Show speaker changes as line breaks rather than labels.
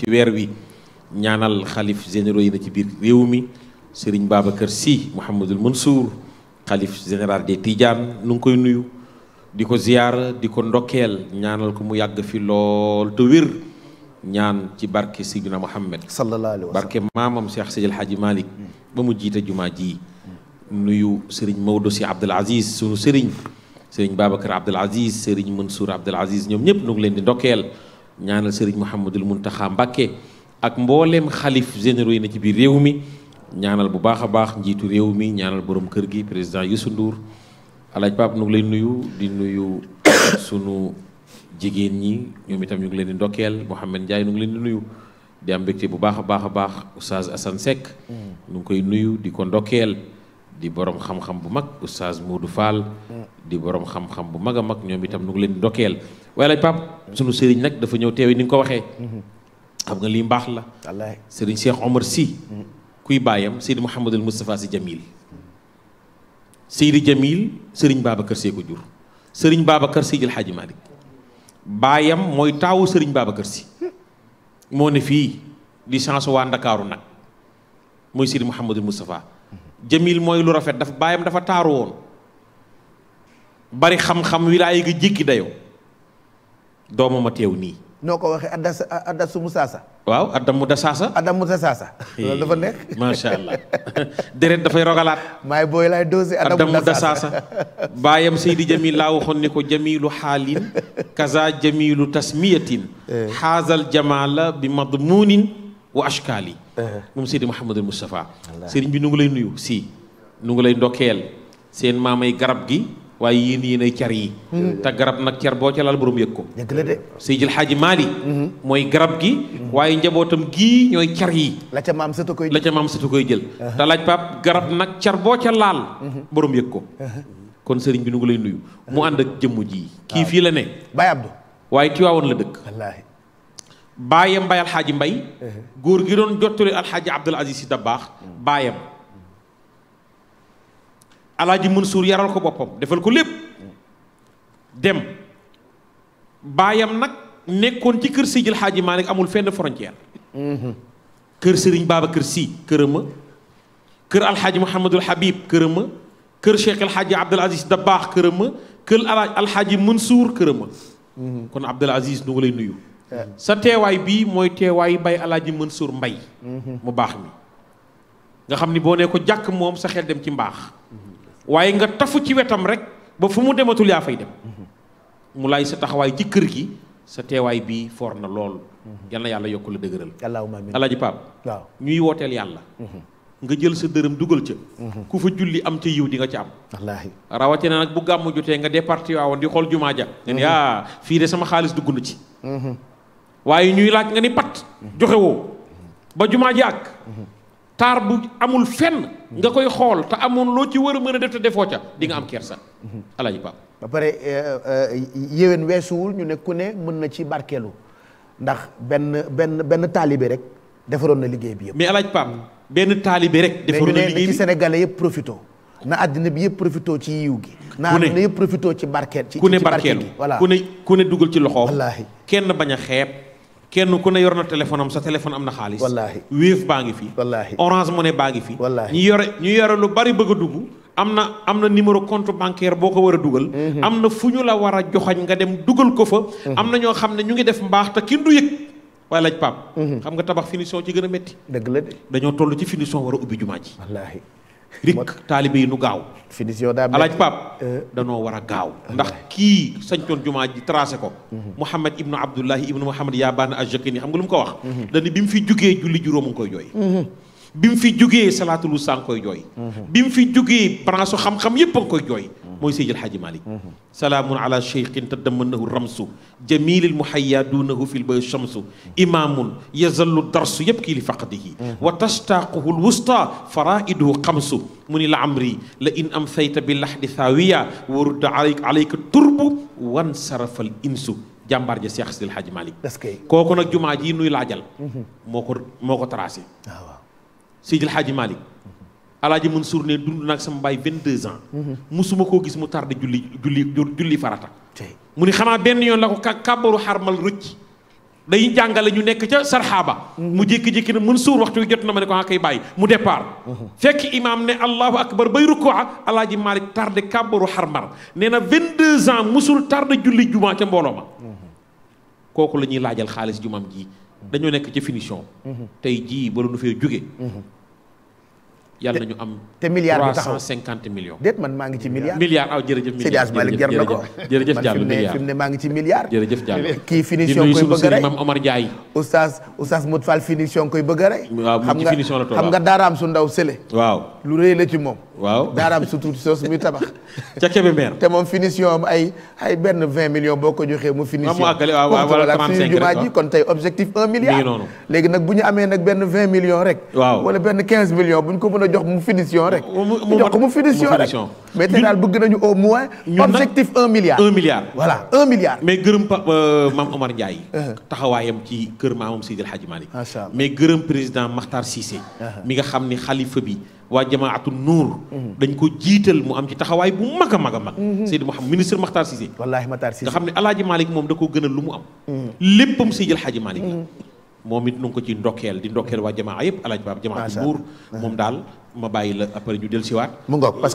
ci weer wi ñaanal xalif généro yi na ci biir réew mi sëriñ Babacar Sy Mouhamadul Mansour xalif général des Tidiane nu ngi koy nuyu di ko ziyaara di ko ndokkeel ñaanal ko mu yàgg fi lool te wér ñaan ci barke Seydina Muhammad sallallahu alayhi wa sallam barke maamam Cheikh Seydil Hadji Malick mm. ba mu jiite jumaa ji nuyu sëriñ Maodo Sy Abdoul Aziz sunu sëriñ sëriñ Babacar Abdoul Aziz sëriñ Mansour Abdoul Aziz ñoom ñëpp nu leen di ndokkeel ñaanal sëriñ mun Mountakha Mbacké ak mbooleem xalif généraux yi na ci biir réew mi ñaanal bu baax a baax njiitu réew mi ñaanal borom kër gi président Youssou nduur alaaj Pape nu ngi lay nuyu di nuyu sunu jigéen ñi ñoom itam ñu ngi leen di ndokkeel Mouhamed Ndiaye nu ngi leen nuyu di am mbégte bu baax a baax a baax oustaz Assane Seck nu mm. ngi koy nuyu di ko ndokkeel di boroom xam-xam bu mag oustaz Modou Fall mm. di borom xam-xam bu mag a mag ñoom itam nu ngi leen di ndokkeel waaye laaj Pape sunu sëriñ nag dafa ñëw teewi ni nga ko waxee xam nga lii mbaax la sëriñ Cheikh Omar Sy kuy baayam Seydi Mouhamadul Moustapha Sy Jamil Seydi Jamil sëriñ Babacar Sy ko jur sëriñ Babacar Sy jël Xaaji Malick baayam mooy taawu sëriñ Babacar Sy moo ne fii di chance waa Ndakaaru nag mooy Seydi Mouhamadul Moustapha Jamil mooy lu rafet dafa baayam dafa taaru woon bari xam-xam wilaay gi jéggi dayoo doomam a teew nii.
noo ko waxee addas addasu a
waaw addam mu dasaasa. addam mu dasaasa. loolu dafa nekk. macha allah déret dafay rogalaat.
maay booy laay doosi addam mu dasaasa.
baayam Seydi Jamil laa waxoon ne ko Jamilu xaalin. kaza Jamilu tasmiyatin. xaazal eh. jamaala bi madmuunin wa ashkaali. Eh. moom Seydi Mouhamadul Moustapha. sëriñ bi nu ngi lay nuyu si. nu ngi lay ndokkeel. seen maamay garab gi. waaye yéen yéen ay car yi te garab nag car boo ca laal borom yëg ko dëgg la de Seydil Xaaji Maali mm-hmm. mooy garab gi mm-hmm. waaye njabootam gii ñooy car yi la ca maam sëtu koy la ca maam sëtu koy jël uh-huh. te laaj pap garab nag car boo ca laal mm-hmm. borom yëg ko uh-huh. kon sëriñ bi nu ngi lay nuyu uh-huh. mu ànd ak jëmm ji kii ah. fii la ne Baay Abdu waaye Tiwaawoon la dëkk wallaahi baayam Baay Alxaaji Mbay góor gi doon jottali Alxaaji Abdul Aziz Si Dabaax baayam alaaji Mansour yaral ko boppam defal ko lépp dem baayam nag nekkoon ci kër Seydil Hadji Malick amul fenn frontière mhm. kër Serigne kër Sy kërama kër alxaaji Mouhamadul Habib kërama kër Cheikh alxaaji Abdul Aziz Dabaax kërama kër alxaaji Mansour kërama mhm. kon Abdul Aziz nu ngi lay nuyu eh. sa teewaay bii mooy teewaay bay alaaji Mansour Mbay mhm. mu baax mi nga xam ni boo ne ko jàkk moom sa xel dem ci mbaax waaye nga tafu ci wetam rek ba fu mu dematul yaa fay dem mu laay sa taxawaay ci kër gi sa teewaay bii foor na lool yal na yàlla yokk la dëgëral allahumma amiin alaaji Paap waaw ñuy wooteel yàlla nga jël sa dërëm dugal ca ku fa julli am ca yiw di nga ca am wallaahi rawatina bu gàmm jotee nga départi a di xool jumaa ja nga ni aa ah, fii de sama xaalis dugg na ci mm-hmm. waaye ñuy laaj nga ni pat joxe ba jumaa ji ak taar bu amul fenn nga koy xool te amoon loo ci war a mën a def te defoo ca di nga am ker sax
Pape. ba pare eh, eh, yéwén weesuwul ñu ne ku ne mën na ci barkeelu ndax benn benn benn taalibe rek defaroon na liggéey bi
yëpp. mais alaaji Pape benn taalibe rek. defaroon na liggéey bi mais ñu ne
ci Sénégalais yëpp profito na àddina bi yëpp profito ci yiw gi. na àddina yëpp profito ci barkeel. ci ci kune gi ku ne barkeelu
ku ne dugal ci loxoom. wallaahi kenn bañ a xeeb. kenn ku ne yor na téléphone am sa téléphone am na xaalis. wallaahi Wave baa ngi fi. wallaahi Orange Money baa ngi fi. wallaahi ñu yore ñu yore lu bari bëgg a dugg. am na am na numéro compte bancaire boo ko war a dugal. Mhm. am na fu ñu la war a joxañ nga dem dugal ko fa. Mhm. am na ñoo xam ne ñu ngi def mbaax te kenn du yëg. waaye laaj Pape. Mhm. xam nga tabax finition ci gën a métti. dëgg la dañoo toll ci finition war a ubbi jumaa ji. wallaahi. rik taalibe yi nu gaaw. finition daa alaaj Paap eh. danoo war a gaaw. ndax kii sañcoon jumaa ji tracé ko. Mhm. Mouhamed ibnu Abdullahi ibnu Mouhamed Yaabaan Ajakini xam nga lu mu ko wax. Mhm. dañu bi mu fi jugee julli juróom mu ngi koy jooy. Mhm. bi mu fi jugee salaatul wusta a ngi koy jooy. bi fi jugee branche xam-xam yépp a koy jooy. mooy Seydil Hadji Malick salaamun ala cheikhin tadammanahu ramsu jamilil muhayya dunahu fil bay shamsu imamun yazallu darsu yëpp kii li faqdihi wa tashtaquhu lwusta faraiduhu xamsu mu ni la amri la in amsayta bi lahdi thawiya wa rudda alayka alayka turbu wan sarafal insu jàmbaar ja Cheikh Seydil Hadji Malick kooku nag jumaa ji nuy laajal moo ko moo ko tracé ah, Seydil Hadji Malick alaaji Mansour ne dund naag sama baay 22 ans. ma koo gis mu tardé julli julli julli farata. mu ni xanaa benn yoon la ko kàbbaru xarmal rëcc. dañuy jàngale ñu nekk ca sarxaaba mu jékki-jékki na Mansour waxtu wi jot na ma ne ko nga ah koy bàyyi mu départ fekk imaam ne allahu akbar bay rukkooa alaaji Malick tardé kàbbaru xarmal nee na 22 ans musul tardé julli juma ca mbooloo ma kooku la ñuy laajal xaalis jumaam ji dañoo nekk ca finition. tey jii ba nu fee jóge yàlla nañu am. te milliard bi taxaw 350 millions.
déet man maa ngi ci milliard. milliard aw jërëjëf. milliard Seydi Malick jar na ko jërëjëf maa ngi ci milliard.
jërëjëf Diallo kii finition koy bëgg a rey Mame Omar Ndiaye.
oustaz oustaz Modou Fall finition koy bëgg a rey. waaw moom ci finition la nga daaraam su ndaw sële. waaw lu moom. waaw daaraam su tuuti soos muy tabax. ca Kébémer te moom finition am ay benn vingt millions boo ko joxee mu. mu àggale waaw wala 35 kon tey objectif un milliard. léegi bu ñu amee nag benn vingt rek. waaw wala benn quinze millions bu ñu ko mën a jox mu finition rek. mu jox ko mu finition rek. mais te daal bëgg nañu au moins. objectif un milliard. un
milliard maam euh, Omar Ndiaye. Euh. taxawaayam ci kër maamam Seydil Hadji Malick. macha allah mais gërëm président Makhtar Cissé. Euh. mi nga xam ni xalifa bi waa jamaatul nuur Mhm. dañ ko jiital mu am ci taxawaay bu mag a mag a mag mhm. Seydi Mouhamed ministre Makhtar Cissé wallaahi Makhtar Cissé nga xam ne alaaji Malick moom da ko gënal lu mu am mhm. léppam Seydil Hadji Malick la moom it nu ko ci ndokeel di ndokkeel waa jamaa yëpp alaaji baab jamaa ci buur moom daal ma bàyyi la après ñu dellusiwaat mu ngoog